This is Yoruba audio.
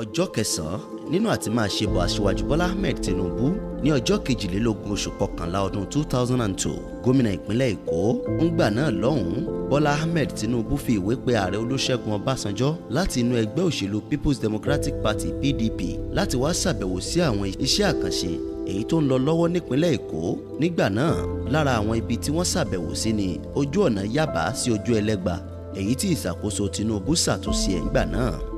ọjọ́ kẹsàn-án nínú àti máa ṣe bọ̀ aṣíwájú bọ́lá ahmed tinubu ní ọjọ́ kejìlélógún oṣù kọkànlá ọdún 2002 gómìnà ìpínlẹ̀ èkó ńgbà náà lọ́hùn-ún bọ́lá ahmed tinubu fi ìwé pe ààrẹ olúṣẹ́gun ọbásanjọ́ láti inú ẹgbẹ́ òṣèlú people's democratic party pdp láti wá ṣàbẹ̀wò sí àwọn iṣẹ́ àkànṣe èyí tó ń lọ lọ́wọ́ nípínlẹ̀ èkó nígbà náà lára àwọn ibi tí wọ́n ṣàbẹ̀wò sí ni ojú ọ̀nà yábà sí ojú ẹlẹ́gba èyí tí ìṣàkóso tinubu ṣàtúnṣe ẹ̀ ńgbà náà